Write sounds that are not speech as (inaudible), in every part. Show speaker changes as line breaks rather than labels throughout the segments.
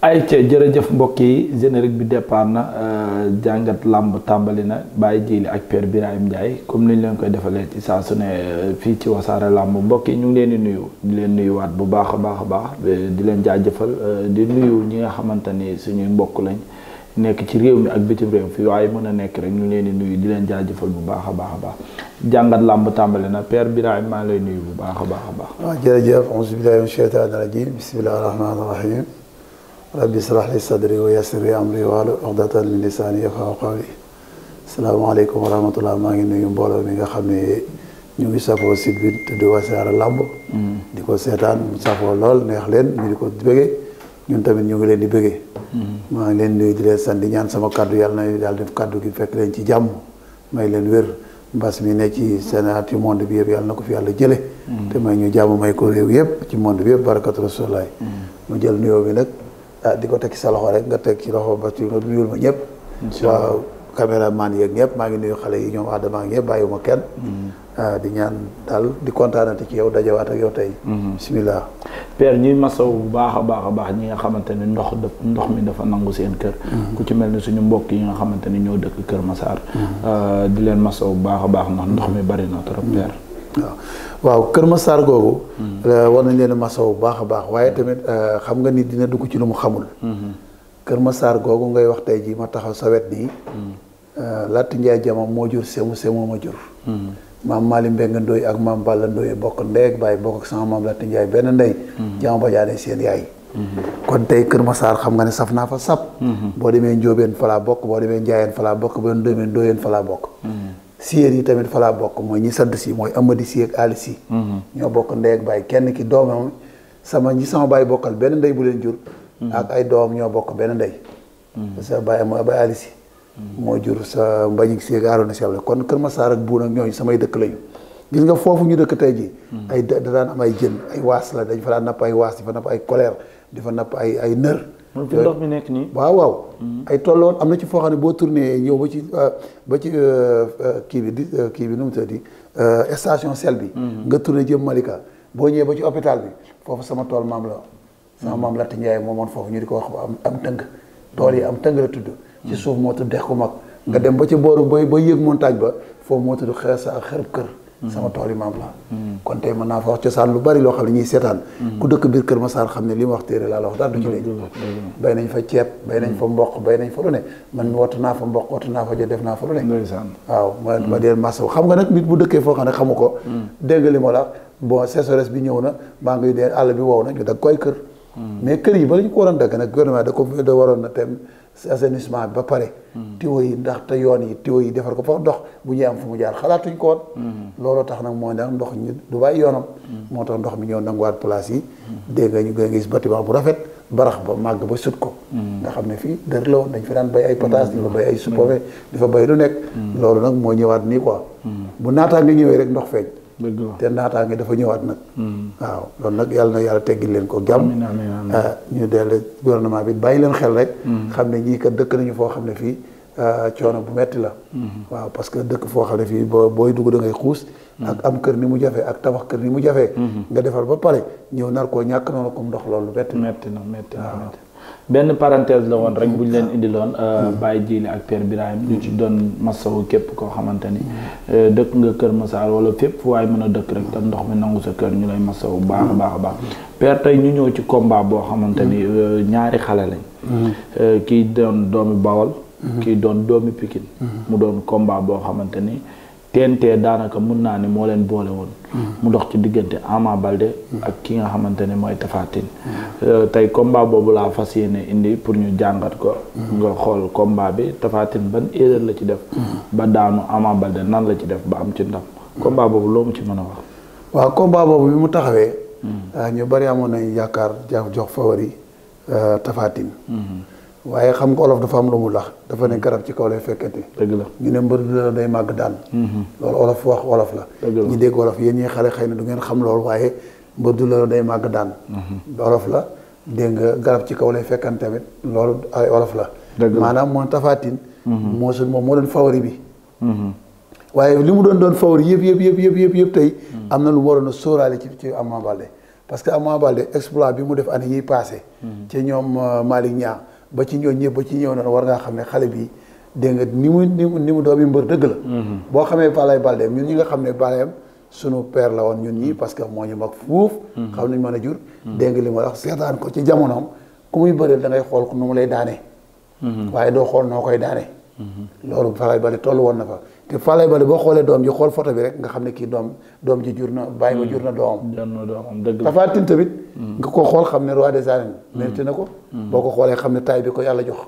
ay ca jërëjëf mbokk yi générique bi départ na euh, jàngat làmb tàmbali na bàyyi jiili ak Père Birahim Ndiaye comme ni leen koy defalee ci saa su ne euh, fii ci wasaare làmb mbokk yi ñu ngi leen di nuyu di leen nuyuwaat bu baax a baax a baax di leen jaajëfal euh, di nuyu ñi nga xamante ni suñuy mbokk lañ nekk ci réew mi ak bitim réew fii waaye mën a nekk rek ñu leen di nuyu di leen jaajëfal bu baax a baax a baax jàngat làmb na Père Birahim maa lay nuyu bu baax a baax a baax.
waaw ah, jërëjëf rabbi israh li sadri wa yassir li amri wahlul uqdatan min lisani yafqahu maa ngi nuyu mbooloo mi nga xam ne ñu ngi safoo site bi tudd Wassare Lamb mm. di ko seetaan safoo lool neex leen ñu di ko bëggee ñun tamit ñu ngi leen di bëggee mm. maa ngi leen nuyu di leen sant di ñaan sama kàddu yàlla na daal def kaddu gi fekk leen ci jàmm may leen wér mbas mi ne ci Sénégal ci monde bi yàlla na ko fi yàlla jële mm. te may ñu jàmm may ko réew yëpp ci monde bi yëpp barakatu rasulallah mu jël nuyoo bi nag Ah, di ko teg ci sa loxo rek nga teg ci loxo ba ci nga nuyul ma ñëpp. waaw man yeeg ñëpp maa ngi nuyu xale yi ñoom Adama ak ñëpp bàyyiwuma kenn. Mm-hmm. Ah, di ñaan daal di kontaanati ci yow dajawaat ak yow tey. Mm-hmm. bisimilah. père ñuy masaw bu baax a baax a baax ñi nga
xamante ni ndox ndox mi dafa nangu seen kër. Mm-hmm. ku ci mel ni suñu mbokk yi nga xamante ni ñoo dëkk Kër Massar. Ah, di leen masaw bu baax a baax ndax ndox mi bari na trop père.
waaw kër ma Massar googu. Euh, war nañ leen a masawu bu baax a baax waaye tamit euh, xam nga nit dina dugg ci lu mu xamul. Mhm. Kër ma Massar googu ngay wax tey jii ma taxaw sa wet nii. Mhm. Euh, Laat Ndiaye Jama moo jur Semu Semu ma jur. Mhm. maam Maalim Mbengue Ndoye ak maam Balla Ndoye bokk ndey ak baay bokk ak sama maam Laat Ndiaye benn ndey. Jama jaanee seen yaay. kon tey Kër saar xam nga ne saf naa fa sap. boo demee Njóobeen fa laa bokk boo demee Njaayeen fa laa bokk boo demee Ndoyeen fa bokk. siyeur yi tamit falaa bokk mooy ñi sant si mooy Amady si ak Ali si mm-hmm. ñoo bokk ndey ak baay kenn ki doomam sama ñi sama baay bokkal benn ndey bu leen jur mm-hmm. ak ay doom ñoo bokk benn ndey mm-hmm. sa baay mooy baay Ali si moo jur sa mbañik si ak Arouna si kon Kër Massar ak Buun ak ñooñu samay dëkk lañu gis nga foofu ñu dëkk tey ji ay da daan am ay jën ay waas la dañ fa daan napp ay waas di fa napp ay colère di fa napp ay ay nër moom fi euh, ndox mi nekk nii. waaw waaw. Mm-hmm. ay tolloon am na ci foo xam ne boo tourné ñëw ba ci euh, ba ci euh, kii bi di kii bi nu mu tëddi station sel bi. Mm-hmm. nga tourné jëm Malika boo ñëwee ba ci hôpital bi foofu sama tool maam la sama mm-hmm. maam Latta moom moomoon foofu ñu di ko wax am am tëng tool yi am tëng la tudd. ci suuf moo tudd dex ku mag. nga dem ba ci booru ba ba yéeg montagne ba foofu moo tudd xeer sa xerub kër. sama tool yi maam la mm. kon tey mën naa fa wax cosaan lu bari loo xam ne ñuy seetaan mm. ku dëkk biir Kër Massar xam ne li ma wax téere laa la wax daal du ci léegi mm. bay nañ fa ceeb bay nañ fa mboq bay nañ fa lu ne man mi naa fa mboq wattu naa fa jo def naa fa lu ne waaw ma ma deel massa xam nga nag nit bu dëkkee foo xam ne xamu ko dégg li ma la bon sécheresse bi ñëw na maa ngi dee àll bi wow na ñu dag koy kër mais kër yi ba ñu ko waroon dëkk nag gouvernement da ko da waroon na tem assainissement bi ba pare. Hmm. tiwo ndax te yoon yi tiwo yi defar ko fa ndox bu ñuy am fu mu jaar xalaatuñ ko woon. Hmm. looloo tax nag moo tax ndox ñu du bàyyi yoonam. Hmm. moo tax ndox mi ñëw nanguwaat place yi. dégg nga ñu gën a gis bâtiment bu rafet barax ba màgg ba sut ko. nga xam ne fii dër la woon dañ fi bay ay pataas di fa bay ay supome di fa bay lu nekk. loolu nag moo ñëwaat nii quoi. bu naataa nga ñëwee rek ndox feeñ. te naataange dafa ñëwaat nag. Hmm. waaw loolu nag yàlla na yàlla teggi leen ko jàmm. Ah, ñu dellu gouvernement bi bàyyi leen xel rek. Hmm. xam ne ñii kat dëkk nañu foo xam ne fii ah, coono bu metti la. Hmm. waaw parce que dëkk foo xam ne fii boo booy dugg da xuus. ak am kër ni mu jafe ak tabax kër ni mu jafe. nga defar ba pare ñëw nar koo ñàkk noonu comme ndox loolu metti metti na metti na
benn parenthèse la woon rek mm. bu ñu leen ah. indi loon euh, mm. Baye Djili ak Père Birahim ñu ci doon masawu képp koo xamante ni mm. euh, dëkk nga Kër Massar wala fépp waaye mën a dëkk rek te ndox mi nangu sa kër ñu lay masawu baax baax baax Père tey ñu ñëw ci combat boo xamante ni euh, ñaari xale
lañ
kii doon doomi Bawol kii doon doomi Pikine mu doon combat boo xamante ni TNT daanaka mun naa ne moo leen boole woon. Hmm. mu dox ci diggante Ama Balde. Hmm. ak ki nga xamante ne mooy Tapha Tine. Hmm. Euh, tey combat boobu laa fas yéene indi pour ñu jàngat ko. nga xool combat bi Tapha Tine ban erreur la ci def. ba daanu Ama Balde nan la ci def ba am ci ndam. komba boobu loo mu ci mën a wax.
waaw combat boobu bi mu taxawee. Euh, ñu bari amoon nañ yaakaar jox favori euh, Tapha Tine. waaye xam nga olof dafa am lu mu lax dafa ne garab ci kaw lay fekkati dëgg la ñu ne mbër la day màgg daan mhm. loolu olof wax olof la ñu dégg olof yéen ñi xale xëy na du ngeen xam loolu waaye mbër du la day màgg daan mhm. olof la dégg nga garab ci kaw lay fekkan tamit loolu ay olof la maanaam moom tafaatin mhm. moo suñ moom moo doon favori bi waaye li mu doon doon favori yëpp yëpp yëpp yëpp yëpp yëpp tey am na lu mu waroon a ci ci Ama Baldé parce que Ama Baldé exploit bi mu def an yi ñoom euh, Malick Niang ba ci ñoo ñëpp ba ci ñëw noonu war ngaa xam ne xale bi dégg nga ni mu ni mu ni mu doomi mbër dëgg la. Mm-hmm. boo xamee Balaye Baldé ñun ñi nga xam ne Balayeem sunu père la woon ñun ñii mm-hmm. parce que moo ñu mag fuuf. Mm-hmm. xam nañ mën a jur. dégg nga li ma wax seetaan ko ci jamonoom ku muy bëreel da ngay xool nu mu lay daane. waaye doo xool noo koy daane. loolu Balaye Baldé toll woon na fa. te Falaye Baldé boo xoolee doom ji xool photo bi rek nga xam ne kii doom doom ji jur na bàyyi ba jur na doomam. Mm. jur mm. ko xool xam ne roi des arènes. Mm. mérité na
xoolee
xam ne taay bi ko yàlla jox.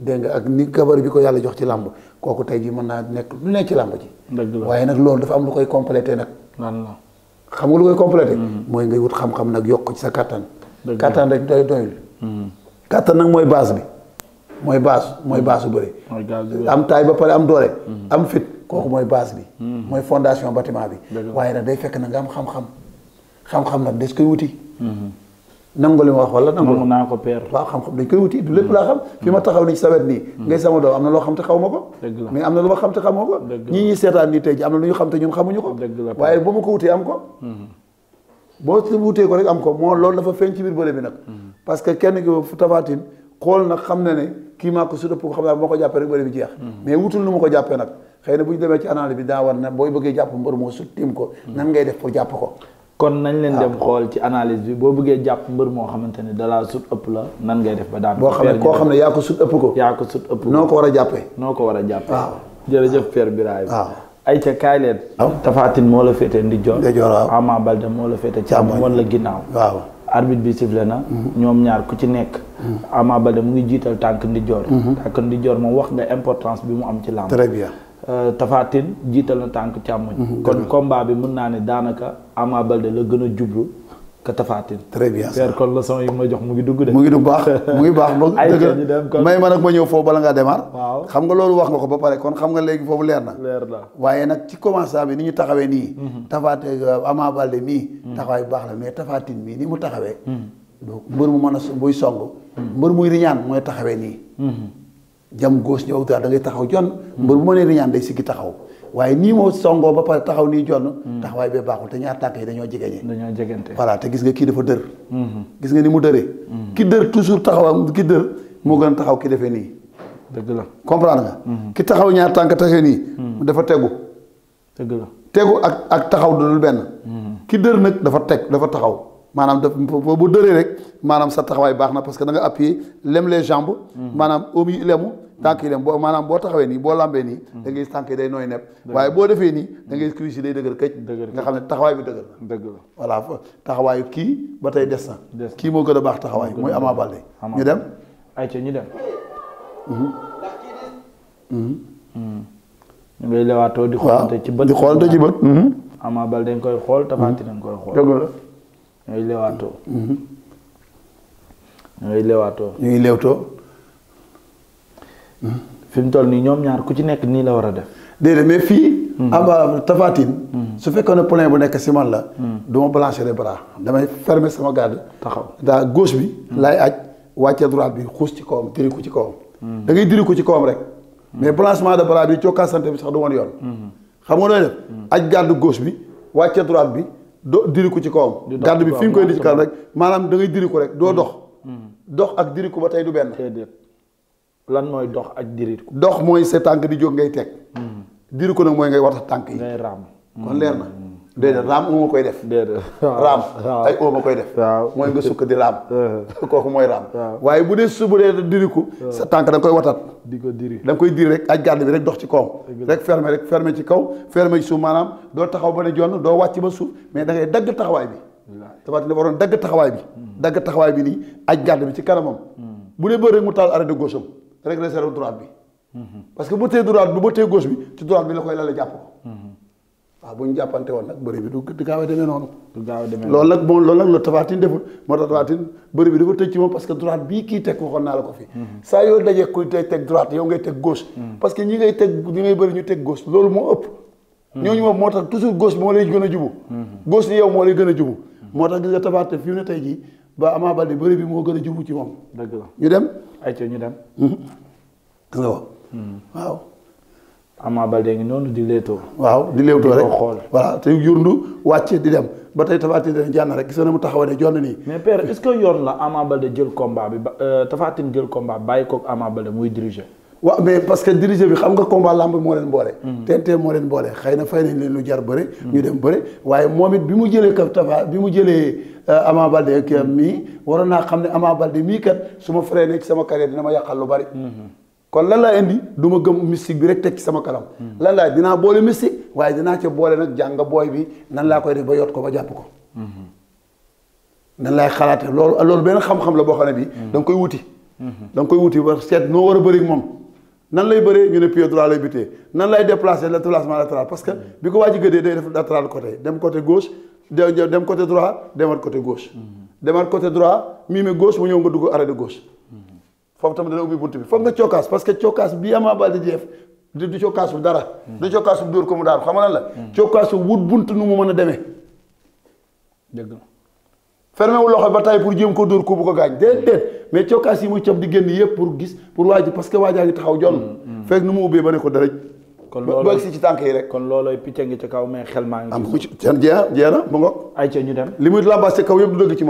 dégg nga ak ni gabar bi ko yàlla jox ci làmb kooku tey ji mën naa nekk lu nekk ci làmb ji. dëgg waaye nag loolu dafa am lu koy complété nag. xam nga lu koy complété. mooy ngay wut xam-xam nag yokk ci sa kattan. kattan rek doy doyul. kattan nag mooy base bi. mooy base mooy base bu
bëri. am taay ba
pare am doole. am fit kooku mooy base bi. Hmm. mooy fondation batiment bi. waaye nag day fekk na nga am xam-xam. xam-xam nag des koy wuti. Hmm. nangu li ma wax wala nangu naa xam-xam dañ lépp hmm. laa xam. ma taxaw nii sawet nii. ngay sama doom am loo xam te xaw ma ko. mais am na lu ma xam te xaw ma seetaan nii tey ji am na xam te ñun xamuñu ko. waaye bu ma ko wutee am ko. boo wutee ko rek am ko moo loolu dafa feeñ ci biir bëre bi nag. parce que kenn ki fu tafaatin xool nag xam na ne kii maa ko su dëpp ko xam naa bu ma ko jàppee rek bëre bi jeex. mais wutul nu ma ko jàppee nag. xëy na bu ñu demee ci analyse bi daa war na booy bëggee jàpp mbër moo su tiim ko nan ngay def pour jàpp ko kon nañ leen dem ah. xool ci analyse bi boo bëggee jàpp mbër moo xamante ne dalaa sut ëpp la nan ngay
def ba daan boo xam ne koo xam ne yaa ko sut ëpp ko yaa ko sut ëpp noo ko war a jàppee noo ko war a jàppee waaw jërëjëf Père Birahim waaw ay ca kaay leen Tapha Tine moo la féete ndijoor Ama Baldé moo la féete càmmoñ woon la ginnaaw waaw arbitre bi sifflé na mhm. ñoom ñaar ku ci nekk mhm. Ama Baldé mu ngi jiital tànk ndijoor mhm. tànk ndijoor moom wax nga importance bi mu am ci làmb très bien Euh, Tapha Tine jiital na tànk càmmoñ. Mhm, kon combat bi mën naa ne daanaka Ama Baldé la gën a jublu ka Tapha Tine. très bien la kon leçon yi ma jox mu ngi dugg de. mu ngi du baax mu ngi baax ba. ay dem kon may ma nag ma
ñëw foofu bala ngaa démarre. waaw xam nga loolu wax nga ko ba pare kon xam nga léegi foofu leer na. leer na waaye nag ci commencement bi ni ñu taxawee nii. Mhm. Tapha Tine euh, Ama Baldé mii. Mhm. taxawaay bu baax la mais Tapha mii ni mu taxawee. donc mu mën a buy song. mbër muy riñaan mooy jam góos ñëw da ngay taxaw jonn mbër bu ma nee riñaan day siggi taxaw waaye nii moo songoo ba pare taxaw nii jonn taxawaay bee baaxul te ñaar tànk yi dañoo jegeñee dañoo jegante voilà te gis nga kii dafa dër mhm. gis nga ni mu dëree mhm. ki dër toujours taxaw ki dër moo gën a taxaw ki defee nii la comprendre nga mhm. ki taxaw ñaar tànk taxee nii dafa tegu dëgg la tegu ak ak taxaw dudul benn ki dër nag dafa teg dafa taxaw maanaam daf bu dëree rek maanaam sa taxawaay baax na parce que da nga appuyé lem les jambes lemu tànk yi dem boo maanaam boo taxawee nii boo lambee nii da ngay gis tànk yi day nooy nepp waaye boo defee nii da ngay gis cuisse yi day dëgër këcc nga xam ne taxawaay bi dëgër dëgg la voilà taxawaayu kii ba tey des na kii moo gën a baax taxawaay muy Ama Baldé ñu dem ay ca ñu dem mhm. Mhm.
Mhm. ñu ngay lewaatoo di xoolante ci bët di xoolante ci bët Ama Baldé dañ koy xool Tapha Tine dañ koy xool dëgg la ñu ngay lewaatoo ñu ngay lewaatoo
ñu ngi lewtoo fi mu toll nii ñoom ñaar ku ci nekk nii la war a def. déedéet mais fii. Hmm. ama tafatin hmm. su fekkee ne point bu nekk si man la. Hmm. du ma balancer les bras damay fermer sama garde. taxaw daa goos bi. laay aj wàcce droite bi xuus ci kawam diri ko ci kawam. da ngay ko ci kawam rek. mais balancement de bras bi cokkaasante bi sax du woon yoon. xam nga nooy def. aj garde gauche bi wàcce bi doo diri ko ci kawam. garde bi fi nga koy rek maanaam da ngay ko rek doo dox. dox ak diri ko ba tey du benn. lan mooy dox ak diriir dox mooy sa tànk di jóg ngay teg. Hmm. diriir ko nag mooy ngay war a tànk yi. ngay kon leer na. Hmm. de raam oom a koy def. déedéet raam. ay oom a koy def. mooy nga sukk di raam. (laughs) kooku mooy raam. waaye bu dee su bu dee diriku. sa tànk da nga koy watat. di ko diri da koy diri rek aj garde bi rek dox ci kawam. rek fermer rek fermer ci kaw fermer ci suuf maanaam doo taxaw ba ne jonn doo wàcc ba suuf mais da ngay dagg taxawaay bi. tabaat li waroon dagg taxawaay bi. Hmm. dagg taxawaay bi nii aj garde bi ci kanamam. bu dee bëri rek mu taal arrêt de gauche am régressé wu droite
bi.
parce que bu tee droite bi bu tee gauche bi ci droite bi la koy lale jàpp ko. waaw bu ñu jàppante woon nag bëri bi du du gaaw a demee noonu. du gaaw a demee noonu loolu nag moom loolu nag la Tapha Tine deful moo tax Tapha bi kii teg waxoon naa la ko fi. saa yoo dajee kuy teg droite yow ngay teg gauche. parce que ñi ngay teg ñi ngay bëri ñu teg gauche loolu moo ëpp. ñooñu moom moo tax toujours gauche moo lay gën a jubu. gauche yow moo lay gën a jubu. moo tax gis ba Ama Baldé bëri bi moo gën a jubu ci moom. dëgg la ñu dem. ayca ñu dem. Mhm. gis nga ko. Hmm. waaw. Ama Baldé ngi noonu di leetoo. waaw di leetoo rek xool. voilà te yurndu wàcce di dem ba tey Tapha Tine jànn rek gis na mu taxaw ne jonn nii. mais per est-ce que yoon la Ama Baldé jël combat bi ba euh,
Tapha Tine jël combat bàyyi koog Ama muy diriger.
waaw mais parce que diriger bi xam nga combat lamb moo leen boole. TNT hmm. moo leen boole xëy na fay nañ lu jar bëre. Hmm. ñu dem bëre waaye moom it bi mu jëlee ka Tafa bi mu jëlee euh, Ama Baldé ak euh, mii waroon naa xam ne Ama Baldé mii kat su ma freiné ci sama carrière dina ma yàqal lu bari. Hmm. kon lan laa indi du ma gëm mystique bi rek teg ci sama kanam. lan laa dinaa boole mystique waaye dinaa ca boole nag jàng booy bi nan laa koy def ba yot ko ba jàpp ko. nan laay xalaatee loolu loolu benn xam la boo xam ne bii. da nga koy wuti. da nga koy wuti ba seet noo war a bëri moom. nan lay bëree ñu ne pied droit lay buté nan lay déplacer la déplacement latéral parce que mm. bi ko waa ji gëddee day def latéral côté dem côté gauche dem côté droit demaat côté gauche. Mm. demaat côté droit miime gauche mu ñëw nga dugg arrêt de mm. foofu tamit dana ubbi bunt bi foog nga cokkaas parce que cokkaas bi Ama Baldé di def du du cokkaasu dara. du cokkaasu dóor ko mu daanu xam nga lan la. cokkaasu wut bunt nu mu mën a demee. dëgg wu loxo ba tey pour jéem ko dóor ko ko gaañ déedéet. mais cokkaas yi muy cob di génn yëpp pour mm, mm. mu ubbee yi
rek kon loolooy picc ngi ci kaw mais xel maa ngi am
na mu ngoog ay ca ñu dem li muy làmbaas ci kaw yëpp du wut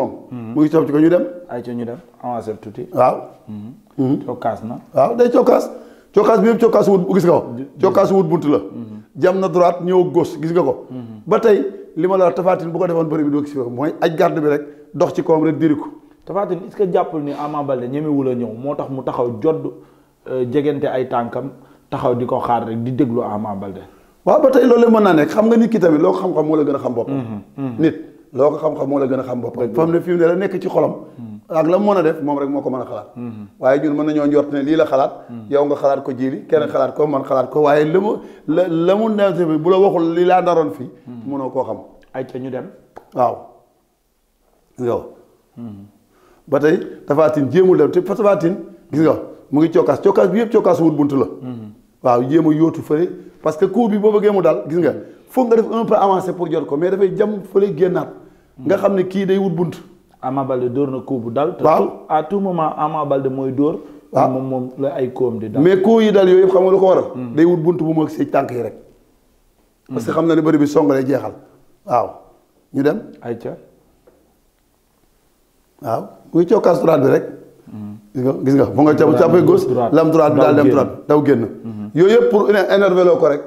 bunt la mm-hmm. jam na droite ñëw gauche gis nga ko mm-hmm. ba tey li ma la tafaatin bu ko defoon bëri bi doo gis mooy aj garde bi rek dox ci kawam rek diri ko Tapha Tine est-ce que jàppul ni Ama Baldé ñemewul
a ñëw moo tax mu taxaw jodd euh, jegante ay tànkam taxaw di ko xaar rek di déglu
Ama Baldé. waaw ba tey loolu mën naa nekk xam nga nit ki tamit loo ko xam-xam moo la gën a xam boppam. Mm-hmm, mm-hmm. nit loo ko xam-xam moo la gën a xam boppam. fam ne fi mu ne la nekk ci xolam.
Mm-hmm.
ak la mu mën a def moom rek moo ko mën a xalaat. waaye ñun mën nañoo njort ne lii la xalaat. yow nga xalaat ko jiili keneen xalaat ko man xalaat ko waaye la mu la la mu ne bu la waxul li laa naroon fii. mënoo koo xam. ay ca ñu dem. waaw yow. ba tey Tapha Tine jéemul dem te Tapha Tine gis nga mu ngi cokkaas cokkaas bi yëpp cokkaas wut bunt la. waaw jéem a yóotu fële parce que coup bi boo bëggee daal gis nga foog nga def un avancé pour jot ko mais dafay jam fële génnaat. nga xam ne kii day wut bunt. Ama Balde door na coup bu dal. waaw
à tout moment Ama Balde mooy door waaw ah. moom moom la ay koom
di dal. mais coup yi dal yooyu yëpp xam nga lu ko waral. Hmm. day wut bunt bu mag si tànk yi rek. parce hmm. xam na ne bëri bi song lay jeexal waaw ñu dem. ayca. waaw muy cokkaas droite bi rek. gis nga gis nga bu nga ca càppee gauche lam droite bi daal dem droite daw génn. Mhm. yooyu yëpp pour énervé loo ko rek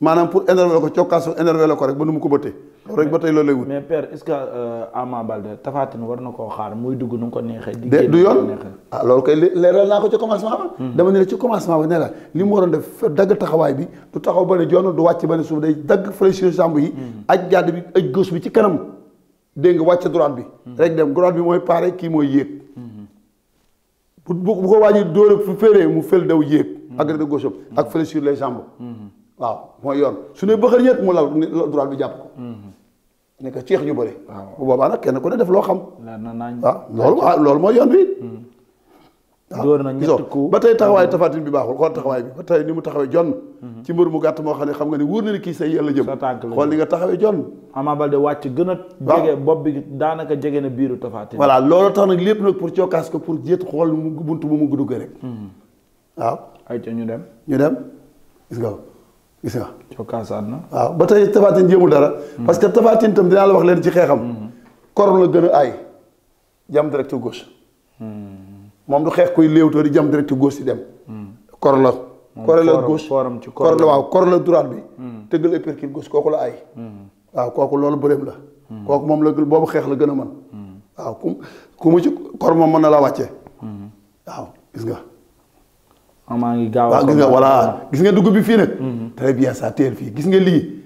maanaam pour énervé ko cokkaas énervé loo ko rek ba nu mu ko bëttee. rek ba tey loolu lay wut. mais euh, war na koo xaar muy dugg nu ko neexee. yoon ah, loolu kay ko ci commencement ba. Mhm. dama ne ci commencement ba ne la li mu waroon def dagg taxawaay bi du taxaw ba ne joon du wàcc ba ne suuf day dagg fraîcheur jambe yi. Mhm. aj gàdd bi aj gauche bi ci kanam. dégg nga wàcc droite bi. Hmm. rek dem droite bi mooy pare kii mooy yéeg. Hmm. bu bu ko wàññi dóore fu féeree mu fël daw yéeg. Hmm. agrégé gauche ak fële sur les jambes. waaw mooy yoon su ne bëxër ñett mu lal droite bi jàpp ko. ne ko ceex ñu bëri. waaw boobaa nag kenn ku ne def loo xam.
waaw lool ah loolu mooy yoon
bi. door na ñetti coup ba tey taxawaayu Tapha Tine bi baaxul xool taxawaay bi ba tey ni mu taxawee jonn ci mbër mu gàtt moo xam ne xam nga ni wóor na ne kii say yàlla jëm xool ni nga taxawee jon Ama Baldé wàcc gën a jege
bopp bi daanaka jege na biiru Tapha Tine voilà loolu tax
nag lépp nag pour cookaas ko pour jéet xool mu buntu bu mu guddugg rek hmm. waaw ay ca ñu dem ñu dem gis nga gis nga cookaasaat na waaw ba te Tapha Tine jéemul dara hmm. parce que Tapha Tine tam dinaa la wax leen ci xeexam hmm. kor la gën a aay jam direct gauche moom xeex koy léewtoo di jam direct dem kor la corps la gauche ci corps la waaw corps la droite bi hmm. tëggal uppercut gos kooku la ay hmm. waaw kooku loolu bëreem la hmm. kooku moom la boobu xeex la gën a mën waaw ku ku mu ci corps moom mën na la wàcce waaw gis nga ah, maa gis nga voilà gis nga dugub bi fii nag très bien ça teel fii gis nga lii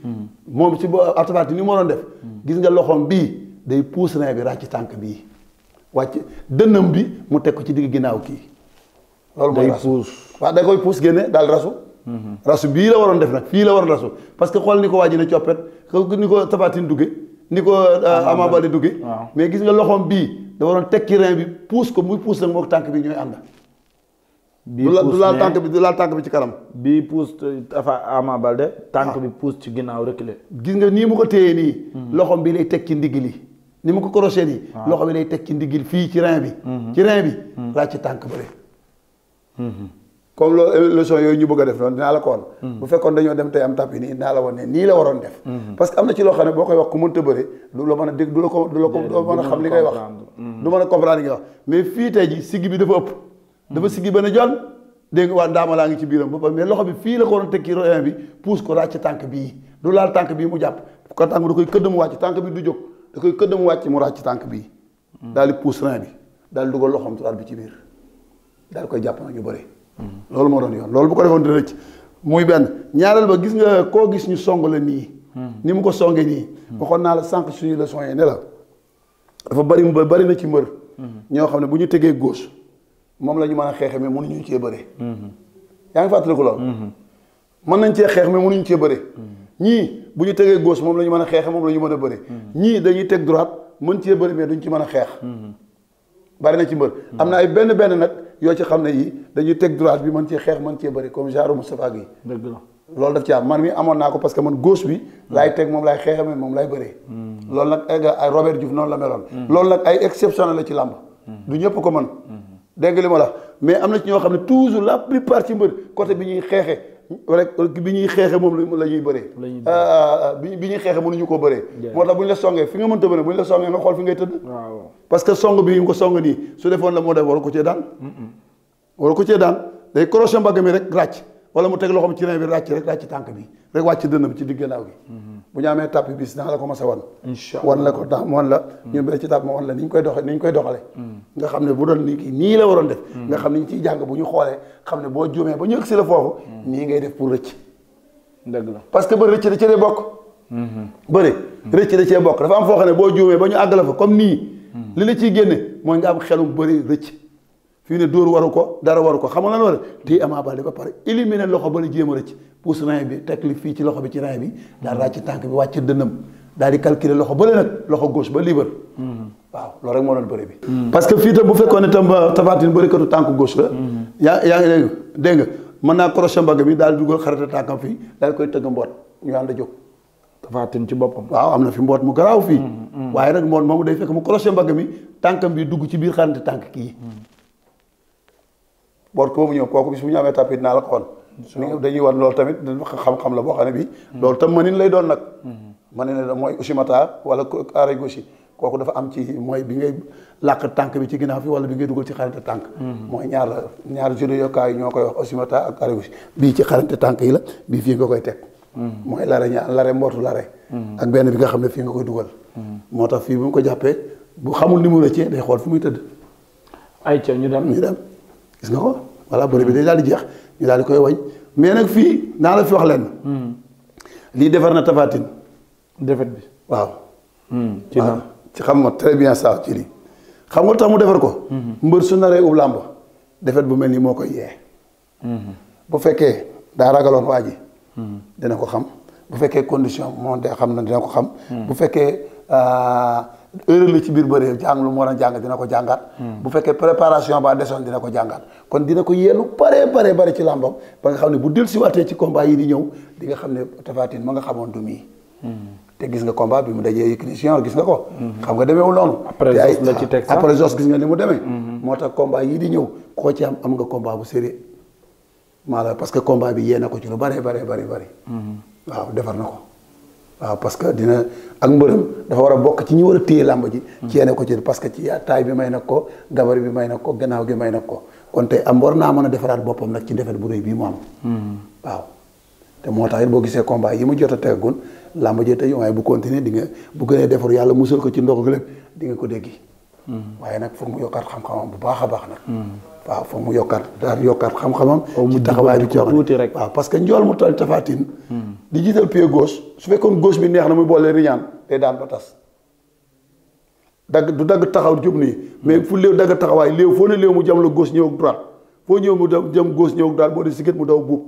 moom ci ba artefacte ni moo doon def gis nga loxoom bii day puus rein bi ràcc ci tànk bii wàcc dënnam bi mu teg ko ci digg ginnaaw kii loolu mooy rasu day puus waaw koy puus génne daal rasu. Mhm. rasu bii la waroon def na fii la waroon rasu parce que xool ni ko waa ji ne coppet ni ko Tapha Tine ni ko euh, Ama Baldé duggee. mais gis nga loxoom bii da waroon tekki rein bi puus ko muy puus nag moog tànk bi ñooy ànd. du laal tànk bi du laal tànk ci kanam. bii puus dafa Ama Baldé. tànk ah. bi puus ci ginnaaw reculé. gis nga nii mu ko téye nii. Mhm. loxoom bi lay tekki ndigg li ni mu ko crochet nii. loxo bi lay tekki ndigg fii ci rein bi. Mhm. ci rein bi. laa ci tànk bële. comme loolu leçon yooyu ñu bëgg a def noonu dinaa la ko wan hmm. bu fekkoon dañoo dem tey am tàpp nii dinaa la wan ne nii la waroon def hmm. parce am na ci loo xam ne boo koy wax ku mënta bëre du a dégg du la a xam li ngay wax hmm. du mën a comprendre li tey ji siggi bi dafa ëpp laa ngi ci biiram boppam mais loxo bi fii la ko waroon tekki royen bi pousse ko ràcc tànk bii du laal tànk bii mu jàpp ko tànk da koy këdd mu wàcc tànk bi du jóg da koy këdd mu wàcc mu ràcc tànk bii daal di pousse rein bi daal dugal loxoom turaat bi ci biir daal koy jàpp nag ñu bëri. loolu moo doon yoon loolu bu ko defoon dina rëcc muy benn ñaareel ba gis nga koo gis ñu song la nii. ni mu ko songee nii. waxoon naa la sànq suñu leçon yi ne la dafa bari mu bari na ci mbër. ñoo xam ne bu ñu tegee gauche moom lañu mën a xeexe mais mënuñu cee bëre. yaa ngi fàttaliku loolu. nañ cee xeex mais mënuñu cee bëre. ñii bu ñu tegee moom lañu mën a xeexe moom la ñu mën a bëre. ñii dañuy teg droite mën cee bëre mais duñ ci mën a xeex. bari na ci mbër am na ay benn benn nag. yoo ci xam ne yi dañuy teg droite bi mën cee xeex mën cee bëri comme genre Moustapha Guèye dëgg la loolu daf ci am man mi amoon naa ko parce que man gauche bi laay teg moom laay xeexame moom laay bëree hmm. lool nag ay Robert Diouf noonu la meloon hmm. loolu nag ay exceptionnel la ci làmb hmm. du ñëpp ko mën dégg li ma la mais am na ci ñoo xam ne toujours la plupart ci mbër coté bi ñuy xeexee rek bi ñuy xeexe moom la ñuy bëree ah, ah, ah, bi bi ñuy xeexe mënuñu ko bëree moo tax bu ñu la songee fi nga mënta bëree bu ñu la songee nga xool fi ngay tëdd parce song bi nga ko song nii su defoon la moo def wala ko cee daan wala ko cee daan day crochet mbagg mi rek ràcc wala mu teg loxoom ci rein bi ràcc rek ràcc tànk bi rek wàcc dënn bi ci digg gannaaw gi mm-hmm. bu ñu amee tàpp bis naa la ko mos a wan. incha la ko tax wan la. ñu bëri ci tàpp ma wan la ni koy doxee ñu koy doxalee. Hmm. nga xam ne bu doon ni kii nii la waroon def. Hmm. nga xam ne ñu ciy jàng bu ñu xoolee xam ne boo juumee ba ñu egsi la foofu. Hmm. nii ngay def pour rëcc. dëgg parce que ba da cee bokk. bëri rëcc da cee bokk dafa am foo xam ne boo juumee ba ñu àgg la comme nii. li la ciy génne mooy nga am xelum bëri rëcc. fii ne dóor waru ko dara waru ko xam nga loolu téye Ama Baldé ba pare éliminer loxo ba la jéem a rëcc pousse bi teg fii ci loxo bi ci rein bi daal raa tànk bi wàcc dënnam daal di calculer loxo bële nag loxo gauche ba libre mhm. waaw loolu rek moo doon bëri bi. Mhm. parce que fii tam bu fekkoon ne tam euh, Tapha Tine bërikatu tànk gauche la. Mhm. yaa yaa ngi dégg dégg nga mën naa crochet mbagg bi daal di dugal xarata tànkam fii daal di koy tëgg mboot ñu ànd jóg. Tapha Tine ci boppam. waaw am na fi mboot mu garaaw fii. waaye nag mboot moomu day fekk mu crochet mbagg mi tànkam bi dugg ci biir xarante tànk kii boor ko mu ñëw kooku bis bu ñu amee tapis naa la ko wan dañuy wan loolu tamit xam-xam la boo xam ne bi mm-hmm. loolu tam mënin lay doon nag mënin lay doon mooy ushimata wala aray goshi kooku dafa am ci mooy bi ngay làq tànk bi ci ginnaaw fi wala bi ngay dugal ci xarante tànk mm-hmm. mooy ñaar la ñaar judo yokaay ñoo koy wax mata ak aray goshi bii ci xarante tànk yi la bii fii nga koy teg mm-hmm. mooy lare ñaar lare mbootu lare ak benn bi nga xam ne fii nga koy dugal moo tax fii bu mu ko jàppee bu xamul ni mu rëccee day xool fu muy tëdd ay ca ñu gis nga ko voilà bëri bi day daal di jeex ñu daal di koy wañ mais nag fii naa la fi wax lenn. Hmm. lii defar na tafaatin. defet bi hmm,
waaw.
ci xam nga très bien ça ci lii. xam nga tax mu defar ko. Hmm. mbër su naree ub làmb defet bu mel nii moo koy yee. bu fekkee daa ragaloon waa ji. dina ko xam bu fekkee condition moo de xam na dina ko xam. bu fekkee. Ah, heure la ci biir bëri jàng lu mu war a jàng dina ko jàngaat. Hmm. bu fekkee préparation ba desoon dina ko jàngaat kon dina ko yee lu bari bare bare ci làmbam ba nga xam ne bu si dellusiwaatee ci combat yi di ñëw di nga xam ne Tapha Tine nga xamoon du mii. Hmm. te gis nga combat bi mu dajee gis nga ko. Hmm. xam nga demeewul noonu. après Zoss la ci teg gis nga ni mu demee. moo tax combat yii di ñëw koo ci am am nga combat bu sérieux. maanaam parce que combat bi yee na ko ci lu bare bari bari bare. waaw defar na ko. waaw parce que dina ak mbërëm dafa war a bokk ci ñi war a téye làmb ji mm. ceene ko ci parce que ci taay bi may na ko gabar bi may na ko gannaaw gi may na ko kon tey am war naa mën a defaraat boppam nag ci defet bu réy bii mu am mm. waaw te moo tax it boo yi mu jot a tegagun làmb ji tey waaye bu di nga bu gënee defaru yàlla ko ci ndox gi lépp di ko déggi mm. waaye nag foog mu yokkaat xam-xamam bu baax a baax nag waaw foog mu yokkaat daal yokkaat xam-xamam ci taxawaay bi ci waaw parce que njool mu toll Tapha di jiital pied gauche su fekkoon gauche bi neex na muy boole riñaan day daan ba tas dagg du dagg taxaw jub nii mais fu léew dagg taxawaay léew foo ne léew mu jam la gauche ñëw ak foo ñëw mu jëm gauche ñëw ak droite boo dee si mu daw buub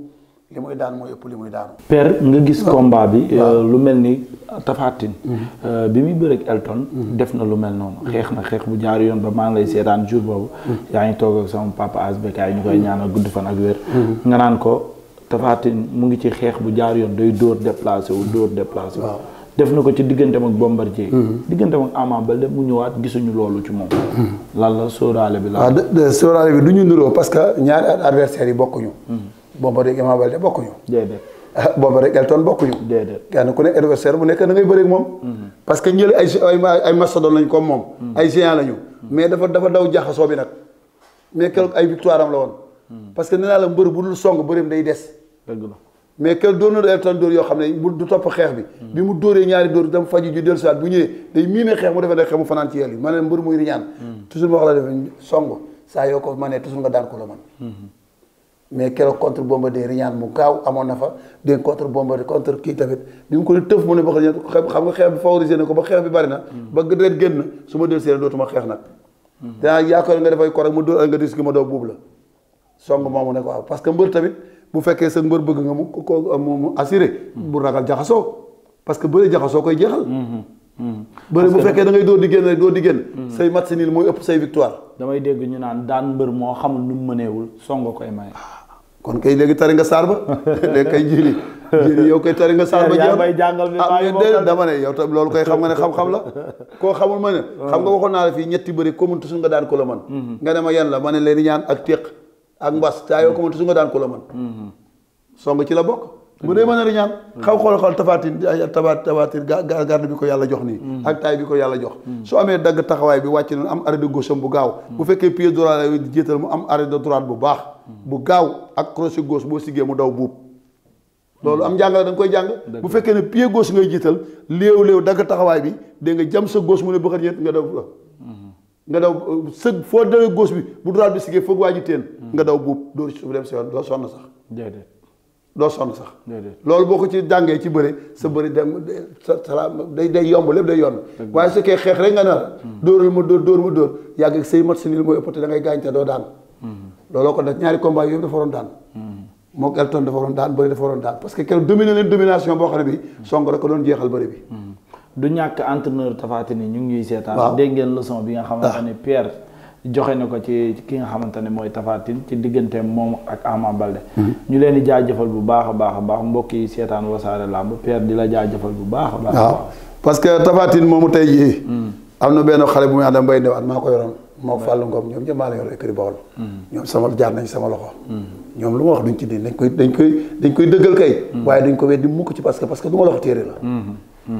li muy daan mooy ëpp li muy daanu. père
nga gis combat bi. Euh, lu mel ni Tapha mhm. euh, bi muy bëreeg Elton. Mhm. def na lu mel noonu. Mhm. xeex na xeex bu jaar yoon ba maa ngi lay seetaan jour boobu. yaa ngi toog ak sama papa Asbekaay ñu koy ñaanal gudd fan ak wér. nga naan ko. Tapha Tine mu ngi ci xeex bu jaar yoon day dóor déplacé wu dóor déplacé wu. def na ko ci digganteem ak Bombardier. Mm-hmm. diggante ak Ama Baldé mu ñëwaat gisuñu loolu ci moom. Mm-hmm. lan la sóoraale bi la. waaw ah,
de sóoraale bi du ñu niroo parce que ñaari adversaires yi bokkuñu. Mm-hmm. Bombardier ak Ama Baldé bokkuñu. déedéet ah, Bombardier ak Elton bokkuñu. déedéet kenn ku ne adversaire bu nekk da ngay bëri ak moom. parce que ñële ay ay ay mastodon lañ comme moom. ay géant lañu. mais dafa dafa daw jaxasoo bi nag. mais keroog ay la woon. parce que nee naa la mbër bu dul day des. dëgg la mais kenn dóor na ay tan dóor yoo xam ne bu du topp xeex bi hmm. bi mu dóoree ñaari dóor dem faju ju dellusiwaat bu ñëwee day miine xeex mu defee ne xeex mu fanaan yi ma ne mbër muy riñaan hmm. toujours wax la defe song saa yoo ma ne toujours nga daan ko la man hmm. mais keroog contre Bombardier riñaan mu gaaw amoon na fa dégg kii tamit ko ne xam nga xeex bi favorisé ko ba xeex bi bari na ba deret génn su ma dellusee dootuma xeex nag danaa yaakaar nga dafay korek mu doo buub la song moomu ne ko waaw parce que mbër tamit bu fekkee sa mbër bëgg nga mu ko mu assuré. Hmm. bu ragal jaxasoo parce que bëre jaxasoo koy jeexal. Hmm, hmm, bëre bu fekkee da ngay dóor di génn rek dóor di génn. say match nil mooy ëpp say victoire. damay dégg ñu naan daan mbër moo xamul nu mu mëneewul songo koy maye. Ah, kon kay léegi tari nga saar ba (laughs) léegi kay jiri jiri yow kay tari nga saar ba (laughs) jeex ah déedéet dama ne yow tam loolu koy xam nga ne (laughs) xam-xam la koo xamul ma ne xam nga waxoon naa la fii ñetti bëri ko mun daan ko la man nga ne ma yan la ma ñaan ak téq ak mbas taa yoo ko mën su nga daan ko la mën song ci la bokk bu dee mën a riñaan xaw xool xool tafaatin taba tafaatin garde bi ko yàlla jox nii ak taay bi ko yàlla jox su amee dagg taxawaay bi wàcc na am arrêt de gauche bu gaaw bu fekkee pied droit am arrêt de droite bu baax bu gaaw ak crochet gauche boo siggee mu daw buub loolu am jàng la da nga koy jàng bu fekkee ne pied gauche ngay jiital léew léew dagg taxawaay bi dégg nga jam sa gauche mu ne bëxat yéen nga daw nga daw euh, sëg foo dawee gauche bi bu droite bi siggee foog waa teen hmm. nga daw buub doo suuf dem si yoon doo sonn sax doo sonn sax loolu boo ko ci jàngee ci bëri sa hmm. bëri dem sala day day yomb lépp day yomb waaye su kee xeex rek nga nar hmm. dóoral ma dóor dóor ma dóor yàgg ak say nii mooy ëppate da ngay gaañ te doo daan looloo ko def ñaari combat yooyu dafa waroon daan moo Elton dafa waroon daan bëri dafa waroon daan parce que kenn dominé leen domination boo xam ne bi song rek ko doon jeexal bëri du ñàkk entraîneur Tapha Tine ñu ngi
seetaan. waaw dégg ngeen leçon bi nga xamante ah. ne Pierre joxe na ko ci ki nga xamante ne mooy Tapha ci digganteem moom ak Ama Balde. Mhm. ñu leen di jaajëfal bu baax a baax a baax mbokk yi seetaan
wasaare làmb Pierre di la jaajëfal bu baax a baax. waaw parce que Tapha Tine moomu tey jii. Mm. am na benn xale bu muy àndam bay at maa ko yoroon. moo fàllu ngoom ñoom ñëpp maa la yor écrit Bawol. Mm. ñoom sama jaar nañ sama loxo. Mm. ñoom lu ma wax duñ ci koy dañ koy ko weddi mukk ci parce que parce que lu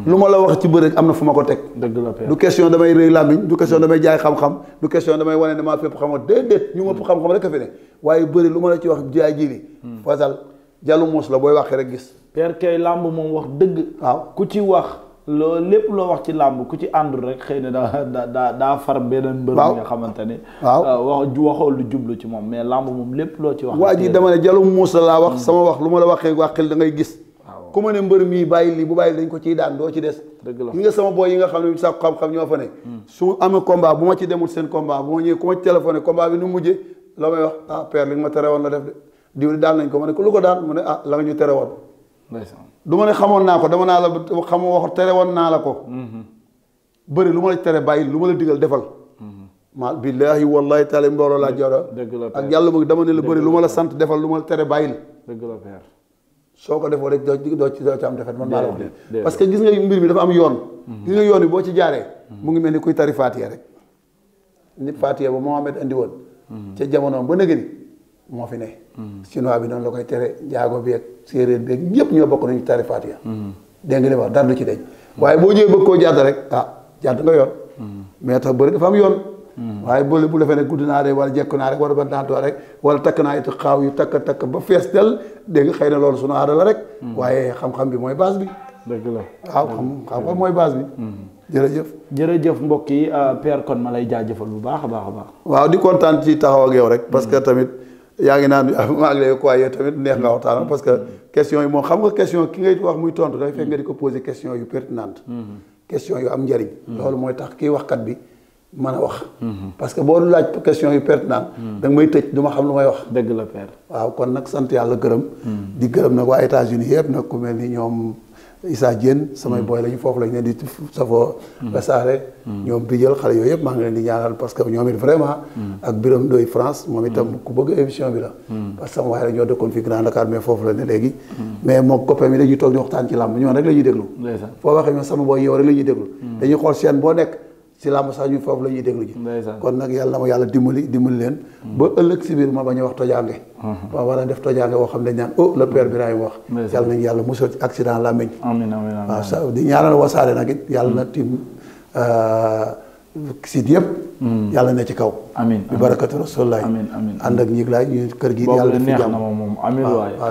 lu ma la wax ci bëre am na fu ma ko teg. dëgg la du question damay rëy làmmiñ du question damay jaay xam-xam du question damay wane ne maa fépp xam-xam déedéet ñu ma ëpp xam-xam rek a fi waaye bëri lu ma la ci wax jaay ji li hmm. fasal jàllu muus la booy waxee rek gis. père kay làmb moom wax dëgg. waaw ku ci wax loo lépp loo wax ci làmb ku ci àndul rek xëy
na daa daa daa far beneen mbër nga xamante ne. waaw euh, wax waxoo lu jublu ci moom mais
làmb moom lépp loo ci wax. waa ji dama ne jàllu muus la laa wax hmm. sama wax lu ma la waxee waa xel da ngay gis ku ma ne mbër mii bàyyi lii bu bàyyi dañ ko ciy daan doo ci des li nga sama boy yi nga xam ne sax xam-xam ñoo fa ne hmm. su amee combat bu ma ci demul seen combat bu ma ñëwee ku ma ci téléphoné combat bi nu mujjee la may wax ah père li ma tere woon la def de diw di daan nañ ko ma ne ko lu ko daan mu ne ah la nga ñu tere woon du ma ne xamoon naa ko dama naa la xam wax tere woon naa la ko hmm. bëri lu ma la tere bàyyi lu ma la digal defal hmm. maa billaahi wallaahi taala mbooloo laa joro ak yàlla bëgg dama la bëri lu ma la sant defal lu ma la tere bàyyil dëgg la père soo ko defoo rek doo ci doo ci am defet man maa la wax nii parce que gis nga mbir mi dafa am yoon mhm. gis nga yoon bi boo ci jaaree mu ngi mel ni kuy tari faatiya rek nit faatiya ba Mohamed andi woon mhm. ca jamonoom ba nëgëni moo fi ne mhm. chinois bi noonu la koy tere njaago bi ak séeréer bi ak ñëpp ñoo bokk nañu tari faatiya dégg nga li wax dara du ci deñ waaye boo ñëwee bëgg koo jàdd rek ah jàdd nga yoon mais tax bëri dafa am yoon waaye boole bu defee ne gudd naa rek a jekk naa rek wala ba daantoo rek wala takk naa it xaaw yu takk takk ba fees del dégg nga xëy na loolu sunu aada la rek mm. waaye xam-xam bi mooy baas bi dëgg la waaw xam mm. mooy base mm. jërëjëf jërëjëf mbokk yi euh, Père kon ma lay jaajëfal bu baax a baax a baax waaw di kontaan ci taxaw yow rek parce que tamit yaa ngi naan (laughs) maa ngi lay quoi yow tamit neex nga parce que question yi moom xam nga ki ngay wax muy tontu dafay fekk nga di ko poser question yu pertinente question yu am njëriñ loolu mooy tax kii kat bi mën a wax. Mhm. parce que boo laaj question yu pertinente. Mhm. da may tëj du xam lu may wax. dëgg la père. waaw kon nag sant yàlla gërëm. Mhm. di gërëm nag waa États-Unis yëpp nag ku mel ni ñoom Issa Diène. samay booy lañu foofu lañu di safoo. Wassare. ñoom bi jël xale yooyu yëpp France moom itam ku bëgg émission bi la. parce que sama waaye la ñoo dëkkoon fi Grand Dakar mais foofu la léegi. mais moom copain mi dañuy toog di waxtaan ci làmb ñoom rek la déglu. foo waxee ñoom sama booy yow rek la déglu. dañuy ci làmb sax ju foofu la ñuy déglu ji kon nag yàlla na ma yàlla dimbali dimbali leen hmm. ba ëllëg si biir ma bañ a wax tojaange hmm. ma war a def tojaange woo xam ne ñaan oh le père Birahim wax yàlla nañ yàlla musal ci accident làmmiñ
amiin amiin di
ñaanal wasaare nag yàlla na hmm. euh, fukki siit yëpp. Hmm. yàlla na ci kaw. amiin bi barakatu rasulilah. amiin amiin ànd ak ñi laay ñu kër gi. yàlla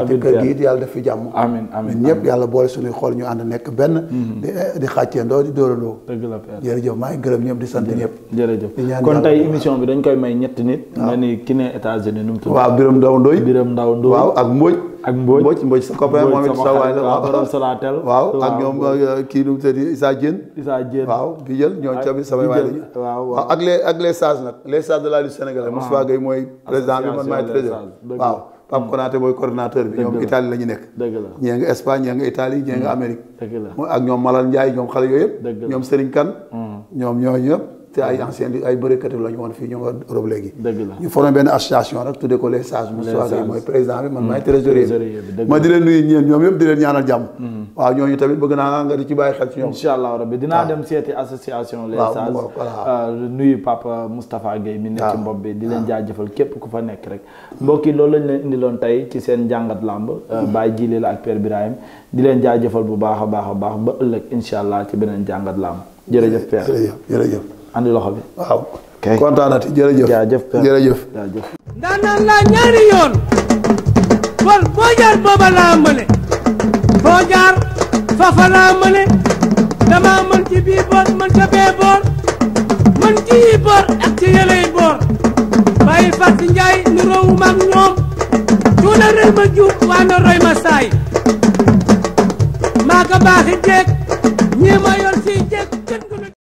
def fi yàlla def fi jàmm. amiin amiin ñëpp yàlla boole suñuy xool ñu ànd nekk benn. Hmm. di di xàcceendoo di dóorandoo. dëgg la père jërëjëf maa ngi gërëm ñëpp di sant ñëpp. jërëjëf kon tey émission
bi dañ koy may ñetti nit. nga
Biram Ndaw Ndoy. Biram Ndaw Ndoy waaw ak Mbodj. ak Mbodj Mbodj Mbodj sa copain moom it sa waay la waaw Sonatel waaw ak ñoom euh, kii nu mu tëddi waaw bi jël ñooñu tamit samay waay waaw ak les ak les sages nag les sages de la lutte sénégalaise ah. Moussa Gueye mooy président bi man maay trésorier waaw Pape hmm. Konaté mooy coordinateur bi ñoom Italie la ñu nekk dëgg la ñee nga Espagne ñee nga Italie ñee nga hmm. Amérique dëgg la ak ñoom Malal Ndiaye ñoom xale yooyu yëpp ñoom Serigne kan hmm. ñoom ñooñu yëpp te ay ancien ay bërëkkat la ñu woon fii ñu nga Europe léegi ñu formé benn association rek tuddee ko les sages Moustapha Gueye mooy président bi man hmm. maay trésorier ma di leen nuyu ñeen ñoom yëpp di leen ñaanal jàmm hmm. waaw ñooñu bëgg naa nga di ci bàyyi xel ci ñoom incha allah rabbi dinaa
dem seeti association les sages euh, nuyu papa Moustapha Gueye mi nekk ci bi di leen jaajëfal képp ku fa nekk rek mbokk yi loolu lañ leen indiloon tey ci seen njàngat lamb euh, hmm. Baye Djily la ak Père Birahim di leen jaajëfal bu baax a baax a ba ëllëg incha allah ci beneen jàngat lamb jërëjëf Père jërëjëf andi loxo bi. laa ñaari yoon kon boo jaar booba laa mëne boo jaar fafa laa mëne dama mën ci mën ca mën ci yi boor ak ci yëley nu roowu mag ñoom tuuna rëy ma waa na roy ma maa ko baaxi ñii ma yor si jeeg gën